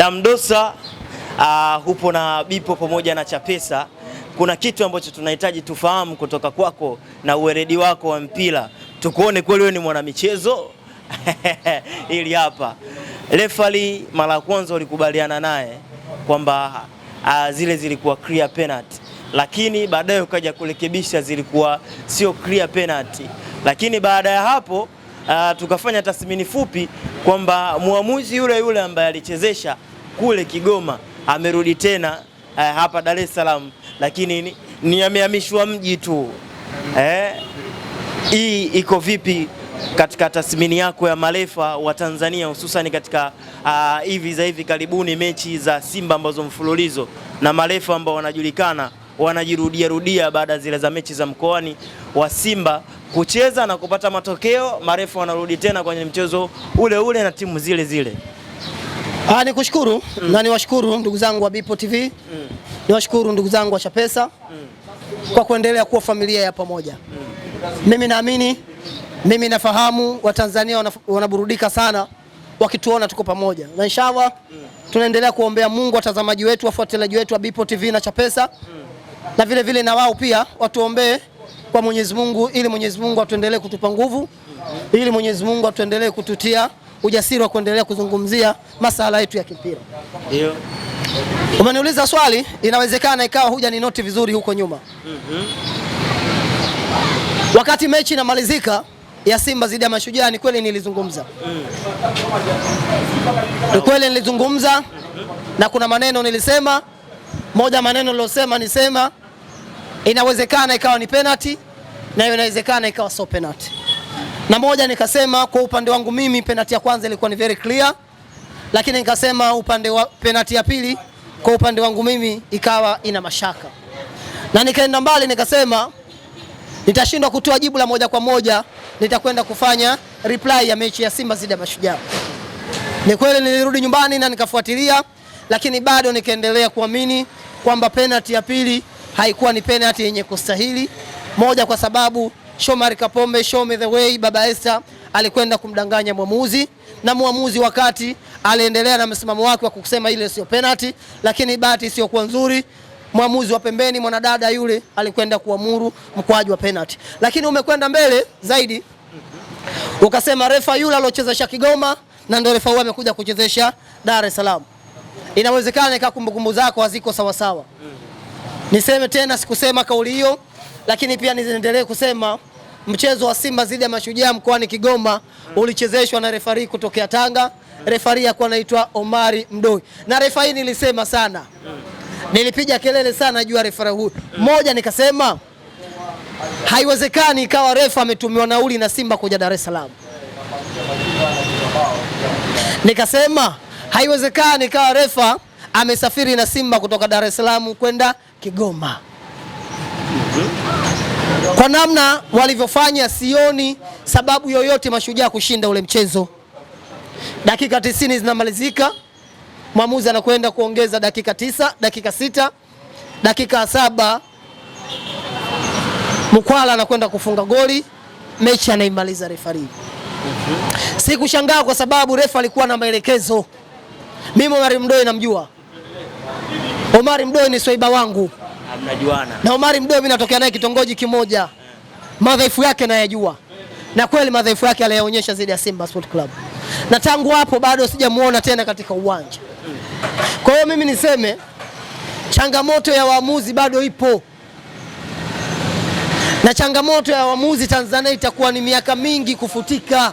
Damdosa uh, hupo na Bipo pamoja na Chapesa, kuna kitu ambacho tunahitaji tufahamu kutoka kwako na uweredi wako wa mpira, tukuone kweli wewe ni mwanamichezo ili hapa refali mara ya kwanza ulikubaliana naye kwamba uh, zile zilikuwa clear penalty, lakini baadaye ukaja kurekebisha zilikuwa sio clear penalty, lakini baada ya hapo uh, tukafanya tathmini fupi kwamba mwamuzi yule yule ambaye alichezesha kule Kigoma, amerudi tena eh, hapa Dar es Salaam, lakini ni, ni amehamishwa mji tu eh. Hii iko vipi katika tathmini yako ya marefa wa Tanzania hususan katika uh, hivi za hivi karibuni mechi za Simba ambazo mfululizo na marefa ambao wanajulikana wanajirudia rudia baada zile za mechi za mkoani wa Simba kucheza na kupata matokeo, marefa wanarudi tena kwenye mchezo ule ule na timu zile zile. Ah, kushukuru mm. na niwashukuru ndugu zangu wa Bipo TV mm. niwashukuru ndugu zangu wa Chapesa mm. kwa kuendelea kuwa familia ya pamoja mm. mimi naamini, mimi nafahamu Watanzania wanaburudika sana wakituona tuko pamoja na inshallah mm. tunaendelea kuombea Mungu watazamaji wetu, wafuatiliaji wetu wa Bipo TV na Chapesa mm. na vile vile na wao pia watuombee kwa Mwenyezi Mungu ili Mwenyezi Mungu atuendelee kutupa nguvu mm. ili Mwenyezi Mungu atuendelee kututia ujasiri wa kuendelea kuzungumzia masala yetu ya kimpira. Ndio. Umeniuliza swali, inawezekana ikawa huja ni noti vizuri huko nyuma. Mm-hmm. Wakati mechi inamalizika ya Simba dhidi ya Mashujaa ni kweli nilizungumza. Mm. Ni kweli nilizungumza na kuna maneno nilisema. Moja maneno nilosema nisema inawezekana ikawa ni penalty na inawezekana ikawa sio penalty na moja nikasema kwa upande wangu mimi penalti ya kwanza ilikuwa ni very clear, lakini nikasema upande wa penalti ya pili kwa upande wangu mimi ikawa ina mashaka, na nikaenda mbali nikasema nitashindwa kutoa jibu la moja kwa moja, nitakwenda kufanya reply ya mechi ya Simba zidi ya Mashujaa. Ni kweli nilirudi nyumbani na nikafuatilia, lakini bado nikaendelea kuamini kwamba penalti ya pili haikuwa ni penalti yenye kustahili moja, kwa sababu Shomari Kapombe, show me the way. Baba Esther alikwenda kumdanganya mwamuzi na mwamuzi wakati aliendelea na msimamo wake wa kusema ile sio penalty, lakini bahati isiyokuwa nzuri mwamuzi wa pembeni mwanadada yule alikwenda kuamuru mkwaju wa penalty, lakini umekwenda mbele zaidi ukasema refa yule aliochezesha Kigoma na ndio refa huyo amekuja kuchezesha Dar es Salaam. Inawezekana ikawa kumbukumbu zako haziko sawa sawa. Niseme tena, sikusema kauli hiyo, lakini pia niendelee kusema Mchezo wa Simba dhidi ya Mashujaa mkoani Kigoma ulichezeshwa na refari kutokea Tanga, refari yakuwa anaitwa Omari Mdoi, na refa hii nilisema sana, nilipiga kelele sana juu ya refari huyu moja, nikasema haiwezekani ikawa refa ametumiwa nauli na Simba kuja Dar es Salaam, nikasema haiwezekani ikawa refa amesafiri na Simba kutoka Dar es Salaam kwenda Kigoma. Kwa namna walivyofanya, sioni sababu yoyote mashujaa kushinda ule mchezo. Dakika tisini zinamalizika, mwamuzi anakwenda kuongeza dakika tisa, dakika sita, dakika saba Mkwala anakwenda kufunga goli, mechi anaimaliza refari. Sikushangaa kwa sababu refa alikuwa na maelekezo. Mimi Omari mdoe namjua, Omari Mdoi ni swaiba wangu mnajuana. Na Omari Mdee mimi natokea naye kitongoji kimoja, madhaifu yake nayajua, na kweli madhaifu yake aliyaonyesha zaidi ya Simba Sport Club, na tangu hapo bado sijamuona tena katika uwanja. Kwa hiyo mimi niseme changamoto ya waamuzi bado ipo, na changamoto ya waamuzi Tanzania itakuwa ni miaka mingi kufutika,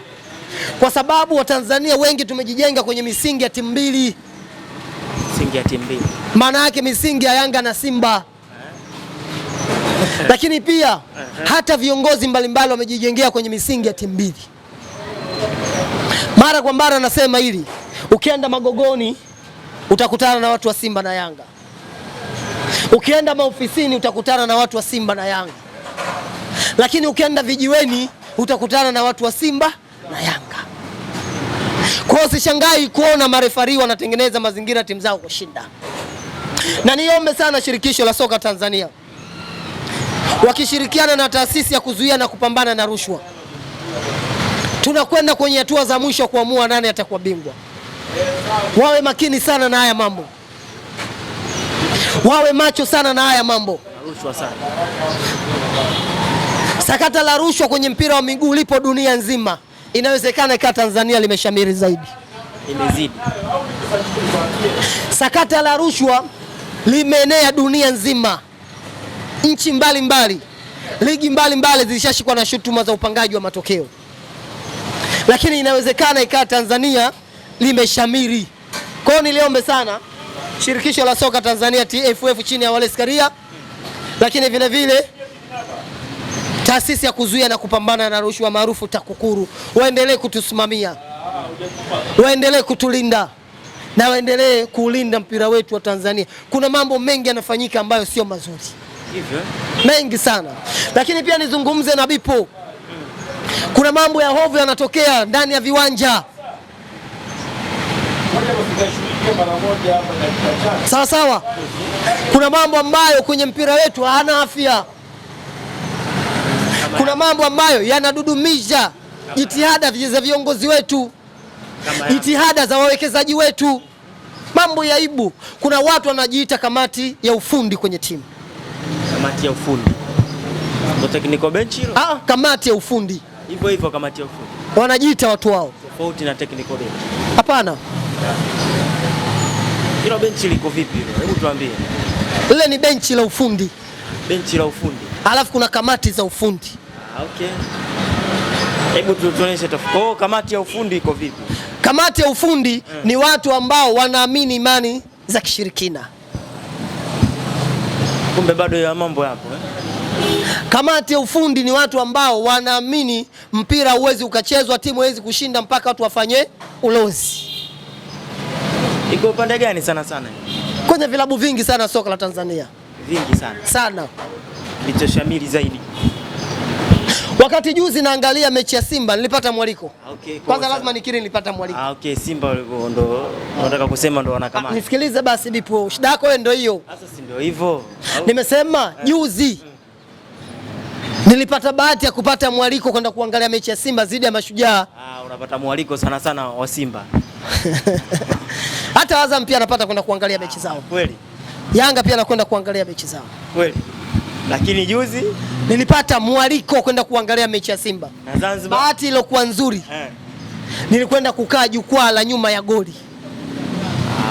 kwa sababu Watanzania wengi tumejijenga kwenye misingi ya timu mbili, misingi ya timu mbili, maana yake misingi ya Yanga na Simba. lakini pia hata viongozi mbalimbali wamejijengea kwenye misingi ya timu mbili. Mara kwa mara nasema hili, ukienda Magogoni utakutana na watu wa Simba na Yanga, ukienda maofisini utakutana na watu wa Simba na Yanga, lakini ukienda vijiweni utakutana na watu wa Simba na Yanga. Kwa hiyo sishangai kuona marefari wanatengeneza mazingira timu zao kushinda, na niombe sana shirikisho la soka Tanzania wakishirikiana na taasisi ya kuzuia na kupambana na rushwa. Tunakwenda kwenye hatua za mwisho kuamua nani atakuwa bingwa. Wawe makini sana na haya mambo, wawe macho sana na haya mambo. Sakata la rushwa kwenye mpira wa miguu lipo dunia nzima, inawezekana ikawa Tanzania limeshamiri zaidi, imezidi. Sakata la rushwa limeenea dunia nzima nchi mbalimbali, ligi mbalimbali zilishashikwa na shutuma za upangaji wa matokeo, lakini inawezekana ikawa Tanzania limeshamiri. Kwa hiyo niliombe sana shirikisho la soka Tanzania TFF chini ya Wallace Karia, lakini vile vile taasisi ya kuzuia na kupambana na rushwa maarufu TAKUKURU waendelee kutusimamia, waendelee kutulinda na waendelee kuulinda mpira wetu wa Tanzania. Kuna mambo mengi yanafanyika ambayo sio mazuri mengi sana, lakini pia nizungumze na Bipo. Kuna mambo ya hovu yanatokea ndani ya viwanja sawa sawa. Kuna mambo ambayo kwenye mpira wetu hana afya, kuna mambo ambayo yanadudumisha jitihada za viongozi wetu, jitihada za wawekezaji wetu, mambo ya aibu. Kuna watu wanajiita kamati ya ufundi kwenye timu Kamati ya ufundi. Ndio technical bench hilo? Ah, kamati ya ufundi. Hivyo hivyo kamati ya ufundi. Wanajiita watu wao. Tofauti na technical bench. Hapana. Hilo benchi liko vipi hilo? Hebu tuambie. Lile ni benchi la ufundi. Benchi la ufundi. Alafu kuna kamati za ufundi. Ah, okay. Hebu tuonyeshe tofauti. Kwa Kamati ya ufundi iko vipi? Kamati ya ufundi hmm, ni watu ambao wanaamini imani za kishirikina kumbe bado ya mambo yapo eh? Kamati ya ufundi ni watu ambao wanaamini mpira huwezi ukachezwa, timu haiwezi kushinda mpaka watu wafanye ulozi. Iko upande gani sana sana? Kwenye vilabu vingi sana soka la Tanzania vingi sana sana, vichoshamili zaidi Wakati juzi naangalia mechi ya Simba nilipata mwaliko. Okay, kwanza lazima nikiri nilipata mwaliko. Ah, okay, Simba ndo nataka kusema ndo wanakamata. Ah, nisikilize basi bipo. Shida yako wewe ndo hiyo. Sasa si ndio hivyo. Nimesema eh. juzi nilipata bahati ya kupata mwaliko kwenda kuangalia mechi ya Simba dhidi ya Mashujaa. Ah, unapata mwaliko sana sana wa Simba. Hata Azam pia anapata kwenda kuangalia mechi ah, zao. Kweli. Yanga pia anakwenda kuangalia mechi zao. Kweli lakini juzi nilipata mwaliko kwenda kuangalia mechi ya Simba na Zanzibar. Bahati ilikuwa nzuri eh, nilikwenda kukaa jukwaa la nyuma ya goli.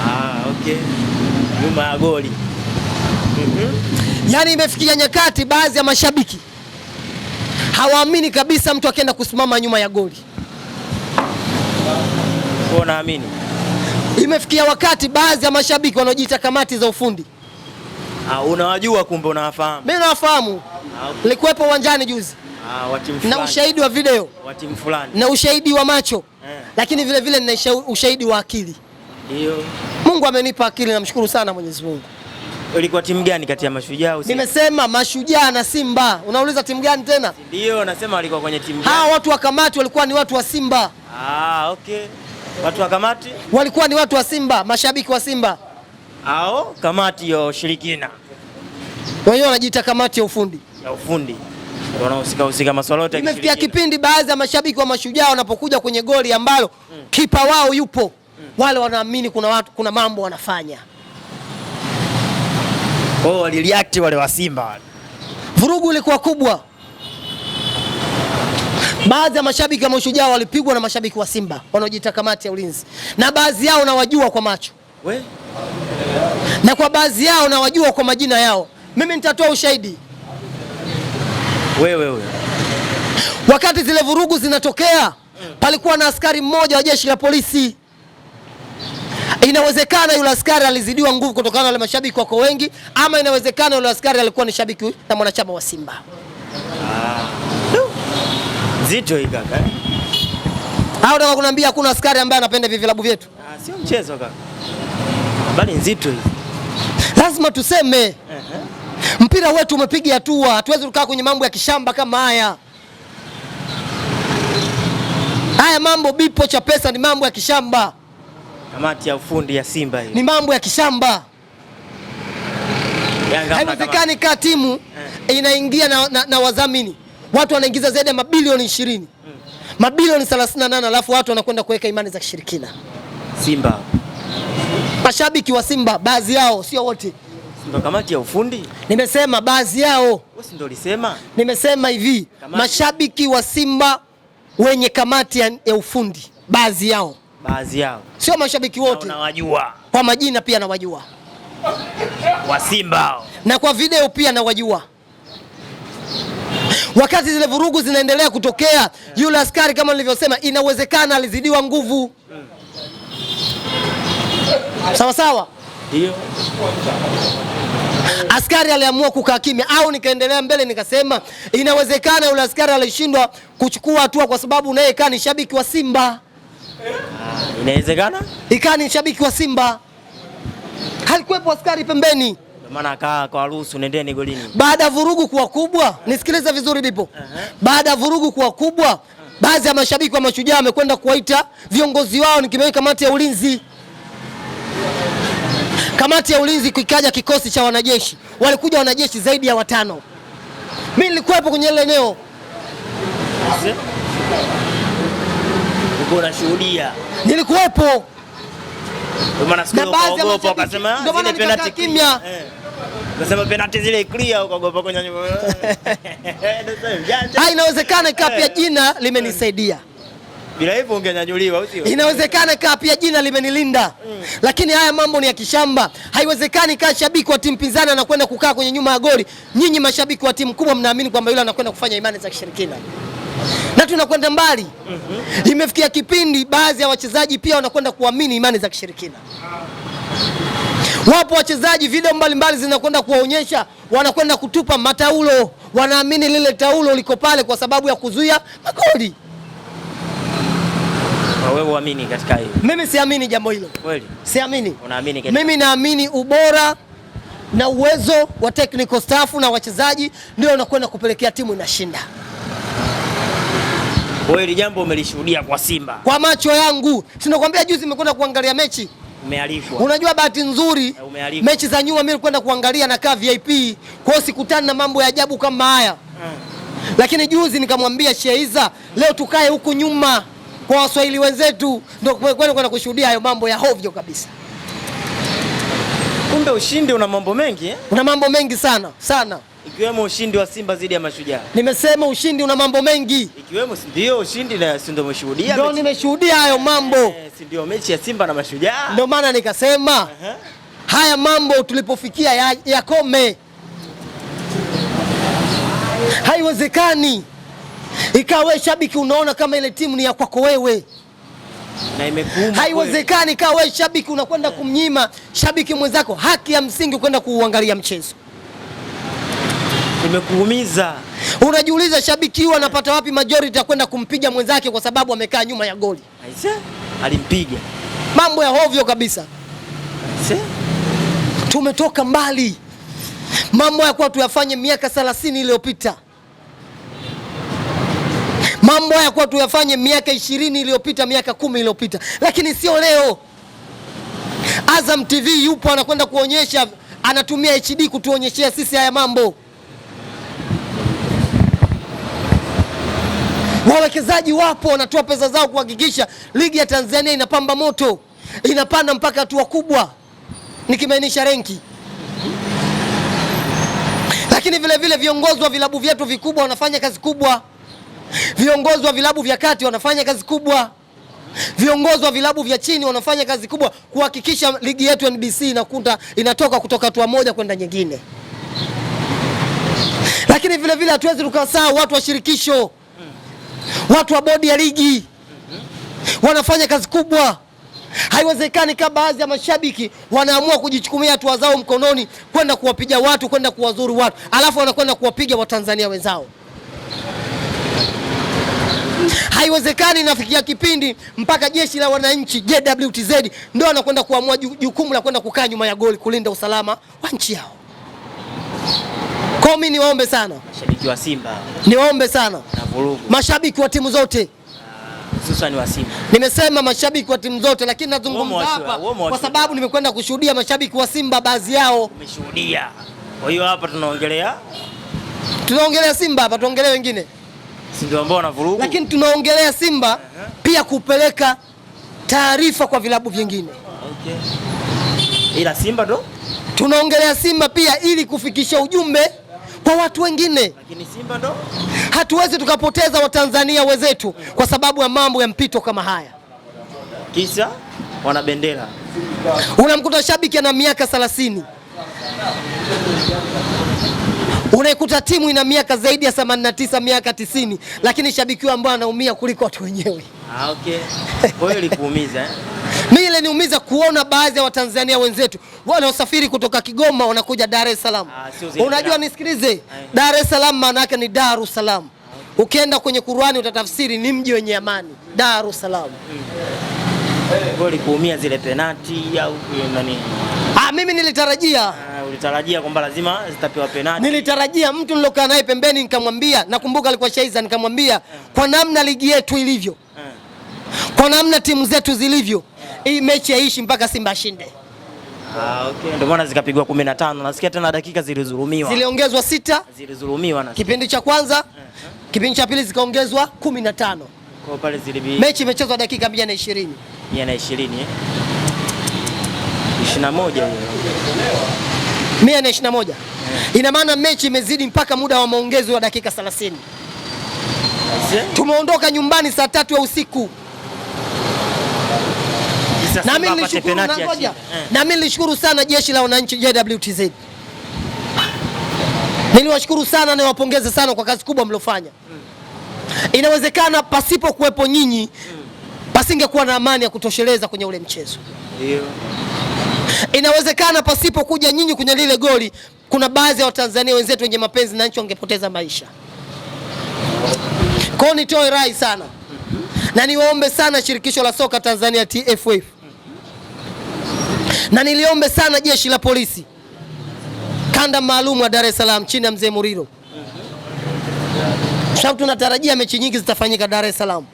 Ah, okay. nyuma ya goli mm Yaani imefikia nyakati baadhi ya mashabiki hawaamini kabisa mtu akienda kusimama nyuma ya goli. Naamini Imefikia wakati baadhi ya mashabiki wanaojiita kamati za ufundi Uh, unawajua kumbe unawafahamu? Mimi nawafahamu. Ah, Nilikuwepo uwanjani juzi. Uh, na ushahidi wa video wa timu fulani na ushahidi wa macho uh, lakini vile vile nina ushahidi wa akili. Ndio. Mungu amenipa akili, namshukuru sana Mwenyezi Mungu. Ilikuwa timu gani kati ya mashujaa? usi? Nimesema mashujaa na Simba. Unauliza timu gani tena? Ndio, nasema walikuwa kwenye timu gani? Hawa watu wa kamati walikuwa ni watu wa Simba. Ah, okay. Watu wa kamati walikuwa ni watu wa Simba, mashabiki wa Simba. Ao, kamati yo shirikina wenyewe wanajiita kamati ya ufundi ya ufundi wanahusika husika masuala yote. Imefikia kipindi baadhi ya mashabiki wa Mashujaa wanapokuja kwenye goli ambalo mm. kipa wao yupo mm. wale wanaamini kuna watu, kuna mambo wanafanya oh, walireact wale wa Simba, vurugu ilikuwa kubwa. Baadhi ya mashabiki wa Mashujaa walipigwa na mashabiki wa Simba wanaojiita kamati ya ulinzi, na baadhi yao nawajua kwa macho we? na kwa baadhi yao nawajua kwa majina yao mimi nitatoa ushahidi wewe wewe. Wakati zile vurugu zinatokea, palikuwa na askari mmoja wa jeshi la polisi. Inawezekana yule askari alizidiwa nguvu kutokana na wale mashabiki wako wengi, ama inawezekana yule askari alikuwa ni shabiki na mwanachama wa Simba. Ah. Zito hii kaka. Au unataka kuniambia hakuna askari ambaye anapenda hivi vilabu vyetu? Ah, sio mchezo kaka. Bali nzito hii. Lazima tuseme. Uh -huh. Mpira wetu umepiga hatua, hatuwezi kukaa kwenye mambo ya kishamba kama haya. Haya mambo bipo cha pesa ni mambo ya kishamba. Kamati ya ufundi ya Simba hiyo ni mambo ya kishamba. Haiwezekani kaa timu eh, inaingia na, na, na wadhamini watu wanaingiza zaidi ya mabilioni ishirini hmm, mabilioni 38 alafu watu wanakwenda kuweka imani za kishirikina Simba. Mashabiki wa Simba baadhi yao, sio wote ndio kamati ya ufundi? Nimesema baadhi yao. Wewe ndio ulisema? Nimesema hivi, kamati. Mashabiki wa Simba wenye kamati ya, ya ufundi baadhi yao. Baadhi yao. Sio mashabiki wote. Nawajua. Kwa majina pia nawajua. Wa Simba. Na kwa video pia nawajua. Wakati zile vurugu zinaendelea kutokea, yeah. Yule askari kama nilivyosema, inawezekana alizidiwa nguvu. Mm. Sawa sawa. Ndio. Askari aliamua kukaa kimya au nikaendelea mbele nikasema inawezekana yule askari alishindwa kuchukua hatua kwa sababu naye kaa ni shabiki wa Simba. Ah, inawezekana? Ikaa ni shabiki wa Simba. Halikuwepo askari pembeni. Ndio Maana akaa kwa ruhusa nendeni golini. Baada ya vurugu kuwa kubwa, nisikilize vizuri bipo. Uh -huh. Baada ya vurugu kuwa kubwa, baadhi ya mashabiki wa Mashujaa wamekwenda kuwaita viongozi wao, nikimeweka kamati ya ulinzi Kamati ya ulinzi kuikaja kikosi cha wanajeshi, walikuja wanajeshi zaidi ya watano. mi nilikuwepo kwenye ile eneo, nilikuwepo ah, eh. inawezekana ikawa pia eh. jina limenisaidia bila hivyo ungenyanyuliwa. Inawezekana kaa pia jina limenilinda mm. Lakini haya mambo ni ya kishamba. Haiwezekani kaa shabiki wa timu pinzani anakwenda kukaa kwenye nyuma ya goli. Nyinyi mashabiki wa timu kubwa mnaamini kwamba yule anakwenda kufanya imani za kishirikina na tunakwenda mbali mm -hmm. Imefikia kipindi baadhi ya wachezaji pia wanakwenda kuamini imani za kishirikina. Wapo wachezaji video mbalimbali zinakwenda kuwaonyesha, wanakwenda kutupa mataulo, wanaamini lile taulo liko pale kwa sababu ya kuzuia magoli wewe uamini katika hilo? Mimi siamini jambo hilo. Kweli? Siamini. Unaamini katika? Mimi naamini ubora na uwezo wa technical staff na wachezaji ndio unakwenda kupelekea timu inashinda. Wewe jambo umelishuhudia kwa Simba kwa macho yangu, si nakwambia, juzi nimekwenda kuangalia mechi Umealifwa. Unajua bahati nzuri eh, umealifwa. Mechi za nyuma mimi nilikwenda kuangalia nakaa VIP, kwa hiyo sikutani na mambo ya ajabu kama haya mm. Lakini juzi nikamwambia Sheiza, leo tukae huku nyuma kwa Waswahili wenzetu ndio kwenda kushuhudia hayo mambo ya hovyo kabisa. Kumbe ushindi una mambo mengi eh? Una mambo mengi sana sana, ikiwemo ushindi wa Simba dhidi ya Mashujaa. Nimesema ushindi una mambo mengi ikiwemo, ndio ushindi na ndio umeshuhudia, ndio nimeshuhudia hayo mambo eh, ndio mechi ya Simba na Mashujaa, ndio maana nikasema uh -huh. Haya mambo tulipofikia yakome ya haiwezekani. Ikawa wewe shabiki unaona kama ile timu ni ya kwako wewe na imekuuma. Haiwezekani ikawa wewe shabiki unakwenda kumnyima shabiki mwenzako haki ya msingi kwenda kuuangalia mchezo. Imekuumiza. Unajiuliza shabiki huyu anapata wapi majority ya kwenda kumpiga mwenzake kwa sababu amekaa nyuma ya goli. Aise, alimpiga. Mambo ya hovyo kabisa. Aise. Tumetoka mbali. Mambo ya kwa tuyafanye miaka 30 iliyopita. Mambo haya kwa tuyafanye miaka ishirini iliyopita miaka kumi iliyopita, lakini sio leo. Azam TV yupo anakwenda kuonyesha, anatumia HD kutuonyeshea sisi haya mambo. Wawekezaji wapo wanatoa pesa zao kuhakikisha ligi ya Tanzania inapamba moto, inapanda mpaka hatua kubwa, nikimaanisha renki lakini vilevile vile viongozi wa vilabu vyetu vikubwa wanafanya kazi kubwa. Viongozi wa vilabu vya kati wanafanya kazi kubwa, viongozi wa vilabu vya chini wanafanya kazi kubwa kuhakikisha ligi yetu NBC inakuta inatoka kutoka hatua moja kwenda nyingine. Lakini vile vile hatuwezi tukasahau watu wa shirikisho, watu wa bodi ya ligi wanafanya kazi kubwa. Haiwezekani kama baadhi ya mashabiki wanaamua kujichukumia hatua zao mkononi kwenda kuwapiga watu, kwenda kuwazuru watu, alafu wanakwenda kuwapiga watanzania wenzao. Haiwezekani nafikia kipindi mpaka jeshi la wananchi JWTZ ndio wanakwenda kuamua jukumu la kwenda kukaa nyuma ya goli kulinda usalama wa nchi yao. Kwa hiyo mimi niwaombe sana mashabiki wa Simba, niwaombe sana mashabiki wa timu zote hususan wa Simba. Nimesema mashabiki wa timu zote, lakini nazungumza hapa kwa sababu nimekwenda kushuhudia mashabiki wa Simba baadhi yao. Umeshuhudia. Kwa hiyo hapa tunaongelea tunaongelea Simba hapa, tuongelee wengine ndio ambao wanavuruga. Lakini tunaongelea Simba pia kupeleka taarifa kwa vilabu vingine okay. Ila Simba ndo tunaongelea Simba pia ili kufikisha ujumbe kwa watu wengine, lakini Simba ndo hatuwezi tukapoteza Watanzania wenzetu kwa sababu ya mambo ya mpito kama haya, kisa wana bendera. Unamkuta shabiki ana miaka 30 Unaikuta timu ina miaka zaidi ya 89 miaka 90, lakini shabiki ambao anaumia kuliko watu wenyewe. Ah, okay. Kwa hiyo ilikuumiza eh? Mimi ile niumiza kuona baadhi ya Watanzania wenzetu wanaosafiri kutoka Kigoma wanakuja Dar es Salaam. Ah, unajua nisikilize, ah, eh. Dar es Salaam maana yake ni Dar es Salaam. Ukienda kwenye Qur'ani utatafsiri ni mji wenye amani, Dar es Salaam. Hmm. Kwa hiyo ilikuumia zile penalti au eh, nani? Ah, mimi nilitarajia ah ulitarajia kwamba lazima zitapewa penalti? Nilitarajia mtu nilokaa naye pembeni, nikamwambia, nakumbuka alikuwa Shaiza, nikamwambia yeah. kwa namna ligi yetu ilivyo yeah. kwa namna timu zetu zilivyo eh. hii mechi haishi mpaka Simba ashinde. Ah, okay. Ndio maana zikapigwa 15. Nasikia tena dakika zilizulumiwa. Ziliongezwa sita. Zilizulumiwa na. Kipindi cha kwanza, uh eh, -huh. Eh. Kipindi cha pili zikaongezwa 15. Kwa pale zilibi. Mechi imechezwa dakika 120. 120 eh. 21 hiyo mia na ishirini na moja ina maana mechi imezidi mpaka muda wa maongezo wa dakika 30. Tumeondoka nyumbani saa tatu ya usiku eh. na mimi nilishukuru na sana jeshi la wananchi JWTZ, niliwashukuru sana na niwapongeze sana kwa kazi kubwa mliofanya. Hmm. Inawezekana pasipo kuwepo nyinyi hmm. pasingekuwa na amani ya kutosheleza kwenye ule mchezo. Inawezekana pasipo kuja nyinyi kwenye lile goli, kuna baadhi ya Watanzania wenzetu wenye mapenzi na nchi wangepoteza maisha. Kwao nitoe rai sana na niwaombe sana shirikisho la soka Tanzania TFF, na niliombe sana jeshi la polisi kanda maalum wa Dar es Salaam chini ya mzee Muriro, sababu tunatarajia mechi nyingi zitafanyika Dar es Salaam,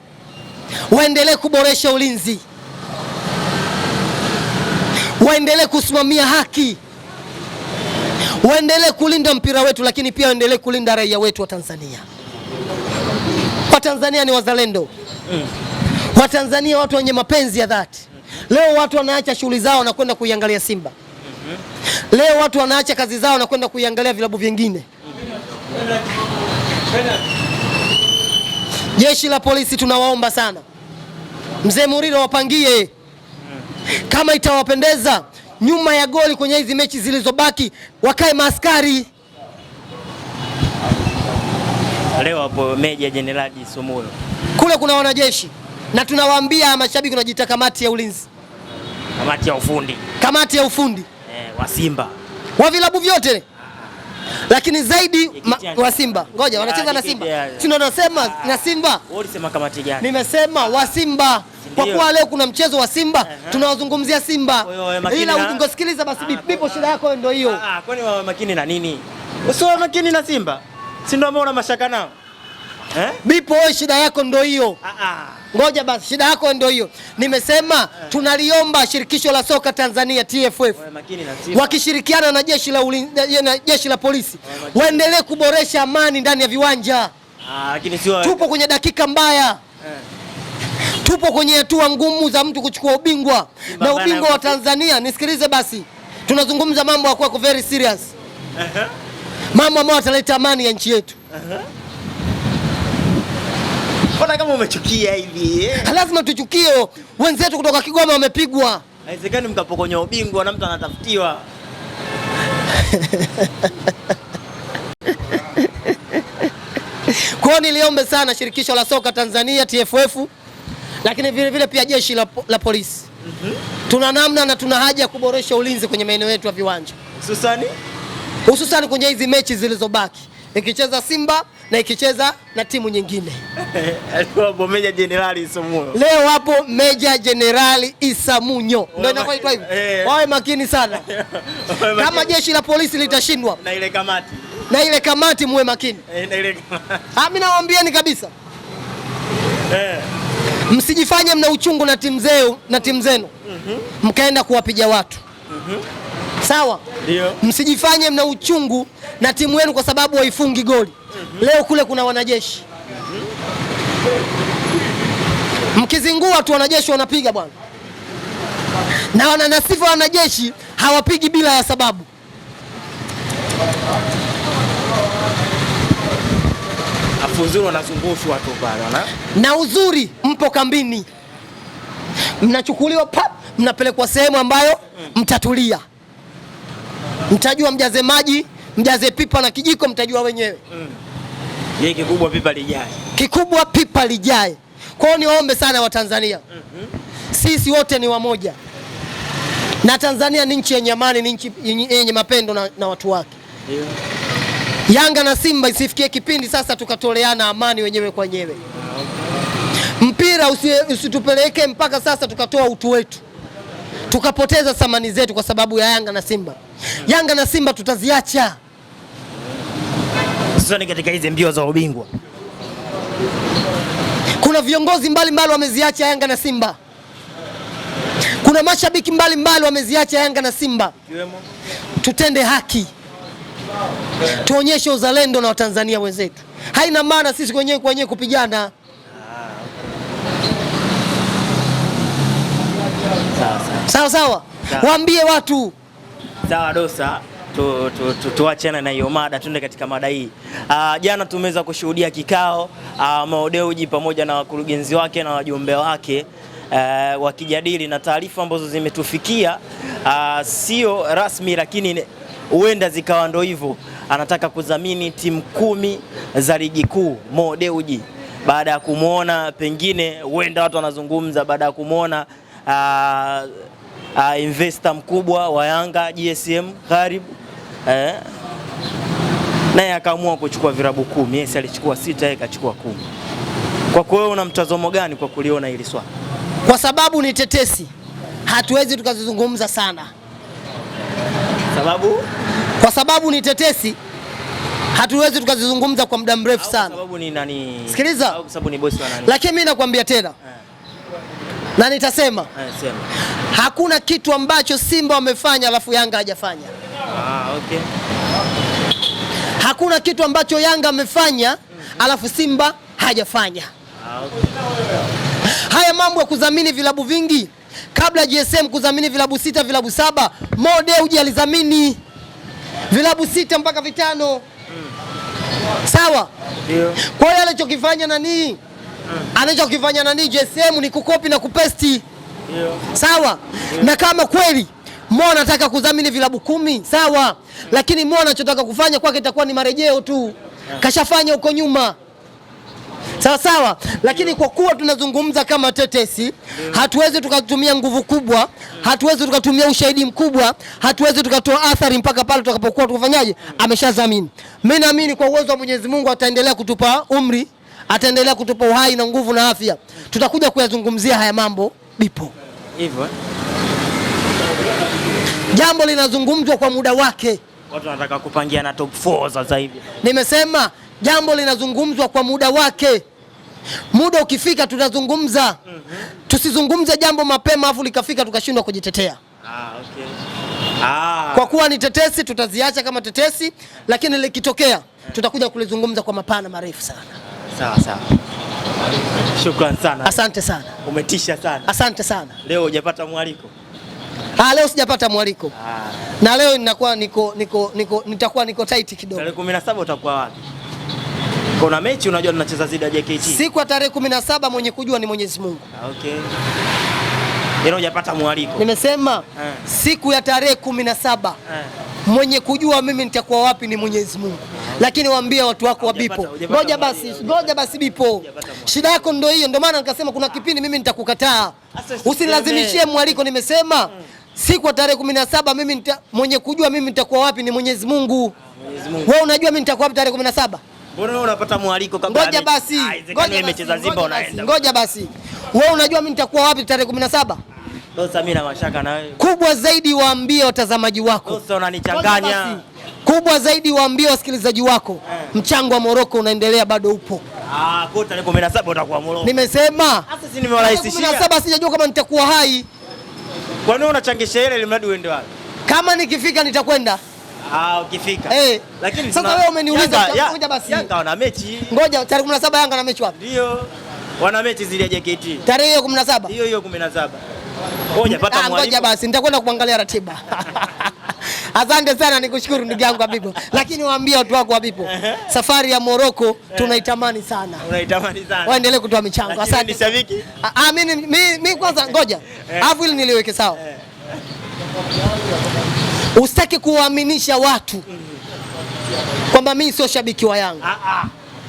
waendelee kuboresha ulinzi waendelee kusimamia haki, waendelee kulinda mpira wetu, lakini pia waendelee kulinda raia wetu wa Tanzania. Watanzania ni wazalendo, Watanzania watu wenye mapenzi ya dhati. Leo watu wanaacha shughuli zao na kwenda kuiangalia Simba. Leo watu wanaacha kazi zao na kwenda kuiangalia vilabu vingine. Jeshi la polisi tunawaomba sana, mzee Muriro wapangie kama itawapendeza nyuma ya goli kwenye hizi mechi zilizobaki wakae maaskari. Leo hapo Meja Jenerali Somoyo kule kuna wanajeshi, na tunawaambia mashabiki, unajiita kamati ya ulinzi, kamati ya ufundi, kamati ya ufundi eh, wa Simba wa vilabu vyote lakini zaidi wa Simba ngoja, wanacheza na Simba, si ndo nasema na Simba, nimesema wa Simba kwa kuwa leo kuna mchezo wa Simba uh -huh. tunawazungumzia Simba ila ungosikiliza basi bipo ah, ah, ah. shida yako ndio hiyo. Kwani wawe makini na nini? Usiwe makini na Simba, si ndio? una mashaka nao eh? Bipo shida yako ndio hiyo. Ngoja basi, shida yako ndio hiyo. Nimesema eh. tunaliomba shirikisho la soka Tanzania TFF wakishirikiana na jeshi la ulin... na jeshi la polisi waendelee kuboresha amani ndani ya viwanja. Aa, lakini siwa... tupo kwenye dakika mbaya eh. Tupo kwenye hatua ngumu za mtu kuchukua ubingwa na ubingwa wa Tanzania. Nisikilize basi, tunazungumza mambo ya kwako very serious uh-huh. mambo ambayo ataleta amani ya nchi yetu uh-huh. Mbona kama umechukia hivi? Eh? Lazima tuchukie, wenzetu kutoka Kigoma wamepigwa. Haiwezekani mkapokonya ubingwa na mtu anatafutiwa. Kwa niliombe sana shirikisho la soka Tanzania TFF lakini vile vile pia jeshi la, la polisi mm -hmm. Tuna namna na tuna haja ya kuboresha ulinzi kwenye maeneo yetu ya viwanja hususani hususani kwenye hizi mechi zilizobaki ikicheza Simba na ikicheza na timu nyingine Meja Jenerali Isamunyo. Leo hapo Meja Jenerali Isamunyo ndio inaitwa hivyo. Eh. Wawe makini sana kama jeshi la polisi litashindwa na ile kamati, na ile kamati muwe makini. Eh, ah, mimi nawaambieni kabisa eh msijifanye mna uchungu na timu zenu na timu zenu mhm. mkaenda kuwapiga watu mhm. sawa. Msijifanye mna uchungu na timu yenu kwa sababu waifungi goli. Mhm. Leo kule kuna wanajeshi, mkizingua tu wanajeshi wanapiga bwana, na wana nasifa wanajeshi hawapigi bila ya sababu. Alafu uzuri wanazungushwa pale na na uzuri, mpo kambini, mnachukuliwa pap, mnapelekwa sehemu ambayo mtatulia, mtajua mjaze maji, mjaze pipa na kijiko, mtajua wenyewe mm. Ye, kikubwa pipa lijae, kikubwa pipa lijae. Kwa hiyo niwaombe sana Watanzania mm -hmm. sisi wote ni wamoja na Tanzania ni nchi yenye amani, ni nchi yenye mapendo na, na watu wake yeah. Yanga na Simba isifikie kipindi sasa tukatoleana amani wenyewe kwa wenyewe. Mpira usitupeleke mpaka sasa tukatoa utu wetu tukapoteza thamani zetu kwa sababu ya Yanga na Simba. Yanga na Simba tutaziacha soni katika hizi mbio za ubingwa. Kuna viongozi mbalimbali wameziacha Yanga na Simba, kuna mashabiki mbalimbali wameziacha Yanga na Simba. Tutende haki tuonyeshe uzalendo na Watanzania wenzetu. Haina maana sisi wenyewe kwa wenyewe kupigana. Sawa sawa, waambie watu sawa. Dosa, tuachana na hiyo mada, tuende katika mada hii. Ah, jana tumeweza kushuhudia kikao ah, Maodeuji pamoja na wakurugenzi wake na wajumbe wake eh, wakijadili na taarifa ambazo zimetufikia ah, sio rasmi, lakini huenda zikawa ndo hivyo, anataka kudhamini timu kumi za ligi kuu Mo Dewji baada ya kumwona pengine, huenda watu wanazungumza baada ya kumwona uh, ah, uh, ah, investor mkubwa wa Yanga GSM karibu eh, naye akaamua kuchukua virabu kumi. Yes, alichukua sita, yeye kachukua kumi. Kwa wewe una mtazamo gani kwa kuliona hili swala? Kwa sababu ni tetesi, hatuwezi tukazizungumza sana sababu? Kwa sababu ni tetesi, hatuwezi tukazizungumza kwa muda mrefu sana. Sikiliza, lakini mimi nakwambia tena eh, na nitasema eh, Hakuna kitu ambacho Simba wamefanya alafu Yanga hajafanya. Ah, okay. Hakuna kitu ambacho Yanga amefanya alafu Simba hajafanya. Ah, okay. Haya mambo ya kudhamini vilabu vingi kabla GSM kudhamini vilabu sita vilabu saba Mode uji alidhamini vilabu sita mpaka vitano sawa. Kwa hiyo anachokifanya nani, anachokifanya nani GSM ni kukopi na kupesti sawa. Na kama kweli Mo anataka kudhamini vilabu kumi sawa, lakini Mo anachotaka kufanya kwake itakuwa ni marejeo tu, kashafanya huko nyuma sawa sawa, lakini kwa kuwa tunazungumza kama tetesi, hatuwezi tukatumia nguvu kubwa, hatuwezi tukatumia ushahidi mkubwa, hatuwezi tukatoa athari mpaka pale tutakapokuwa tukufanyaje, ameshazamini. Mimi naamini kwa uwezo wa Mwenyezi Mungu ataendelea kutupa umri, ataendelea kutupa uhai na nguvu na afya, tutakuja kuyazungumzia haya mambo bipo hivyo. Jambo linazungumzwa kwa muda wake, watu wanataka kupangia na top 4 sasa hivi. Nimesema jambo linazungumzwa kwa muda wake. Muda ukifika tutazungumza. mm -hmm. Tusizungumze jambo mapema afu likafika tukashindwa kujitetea. ah, okay. ah. Kwa kuwa ni tetesi tutaziacha kama tetesi, lakini likitokea tutakuja kulizungumza kwa mapana marefu sana. Sawa sawa. Shukrani sana. Asante sana. Umetisha sana. Asante sana. Leo hujapata mwaliko? Ah, leo sijapata mwaliko. Ah. Na leo ninakuwa niko niko niko nitakuwa niko tight kidogo. Tarehe 17 utakuwa wapi? Kuna mechi unajua tunacheza zidi ya JKT. Siku ya tarehe 17 mwenye kujua ni Mwenyezi Mungu. Ah, okay. Yeye yaani hujapata mwaliko. Nimesema ha. Eh. siku ya tarehe 17 eh. mwenye kujua mimi nitakuwa wapi ni Mwenyezi Mungu. Ah. Lakini waambie watu wako wa bipo. Ngoja basi, ngoja basi bipo. Shida yako ndio hiyo, ndio maana nikasema kuna kipindi mimi nitakukataa. Usinilazimishie mwaliko nimesema. Hmm. Siku ya tarehe 17 mimi nita, mwenye kujua mimi nitakuwa wapi ni Mwenyezi Mungu. Ah, Wewe unajua mimi nitakuwa wapi tarehe 17? Mbona wewe unapata mwaliko kabla? Ngoja basi. Ah, ngoja imecheza Simba unaenda. Ngoja basi. Wewe unajua mimi nitakuwa wapi tarehe 17? Sasa mimi na mashaka na wewe. Kubwa zaidi waambie watazamaji wako. Sasa unanichanganya. Kubwa zaidi waambie wasikilizaji wako. Eh. Mchango wa Morocco unaendelea bado upo. Ah, kwa tarehe 17 utakuwa Morocco. Nimesema. Sasa si nimewarahisishia. 17 sijajua kama nitakuwa hai. Kwa nini unachangisha ile ili mradi uende wapi? Kama nikifika nitakwenda. Ah, ukifika. Hey. Lakini sasa wewe umeniuliza ngoja basi. Yanga wana mechi. Ngoja tarehe 17 Yanga na mechi wapi? Ndio. Wana mechi zile JKT. Tarehe hiyo 17. Hiyo hiyo 17. Ngoja pata ah, mwalimu. Ngoja basi nitakwenda kuangalia ratiba. Asante sana nikushukuru ndugu yangu Habibo. Lakini waambie watu wako Habibo. Safari ya Morocco eh. tunaitamani sana. Unaitamani sana. Waendelee kutoa michango. Asante. Ni shabiki? Ah, ah mimi mimi kwanza ngoja. Alafu eh. ili niliweke sawa. Eh. Usitaki kuwaaminisha watu kwamba mimi sio shabiki wa Yanga. Ah, ah.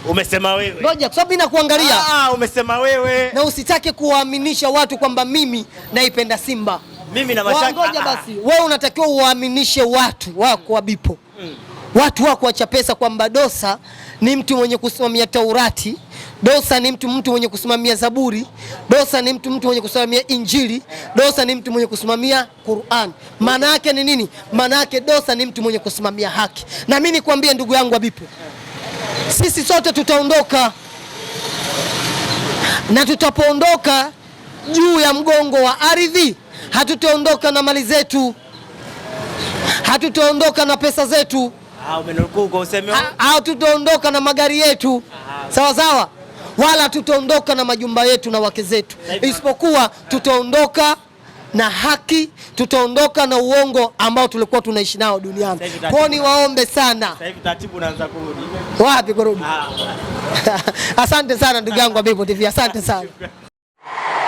Umesema wewe. Ngoja kwa sababu mimi nakuangalia. Ah, ah, umesema wewe. Na usitaki kuwaaminisha watu kwamba mimi naipenda Simba. Mimi na mashaka. Ngoja basi, wewe unatakiwa uwaaminishe watu wako Bipo. Mm. Watu wako wacha pesa kwamba Dosa ni mtu mwenye kusimamia Taurati, Dosa ni mtu mtu mwenye kusimamia Zaburi, Dosa ni mtu mtu mwenye kusimamia Injili, Dosa ni mtu mwenye kusimamia Qur'an. Maana yake ni nini? Maana yake Dosa ni mtu mwenye kusimamia haki. Na mimi nikwambie ndugu yangu Abipo, sisi sote tutaondoka, na tutapoondoka juu ya mgongo wa ardhi, hatutaondoka na mali zetu, hatutaondoka na pesa zetu au ah, tutaondoka na magari yetu sawa sawa, wala tutaondoka na majumba yetu na wake zetu, isipokuwa tutaondoka na haki, tutaondoka na uongo ambao tulikuwa tunaishi nao duniani. Kwao niwaombe sana. Wapi kurudi? Ah. Asante sana ndugu yangu Habibu TV, asante sana.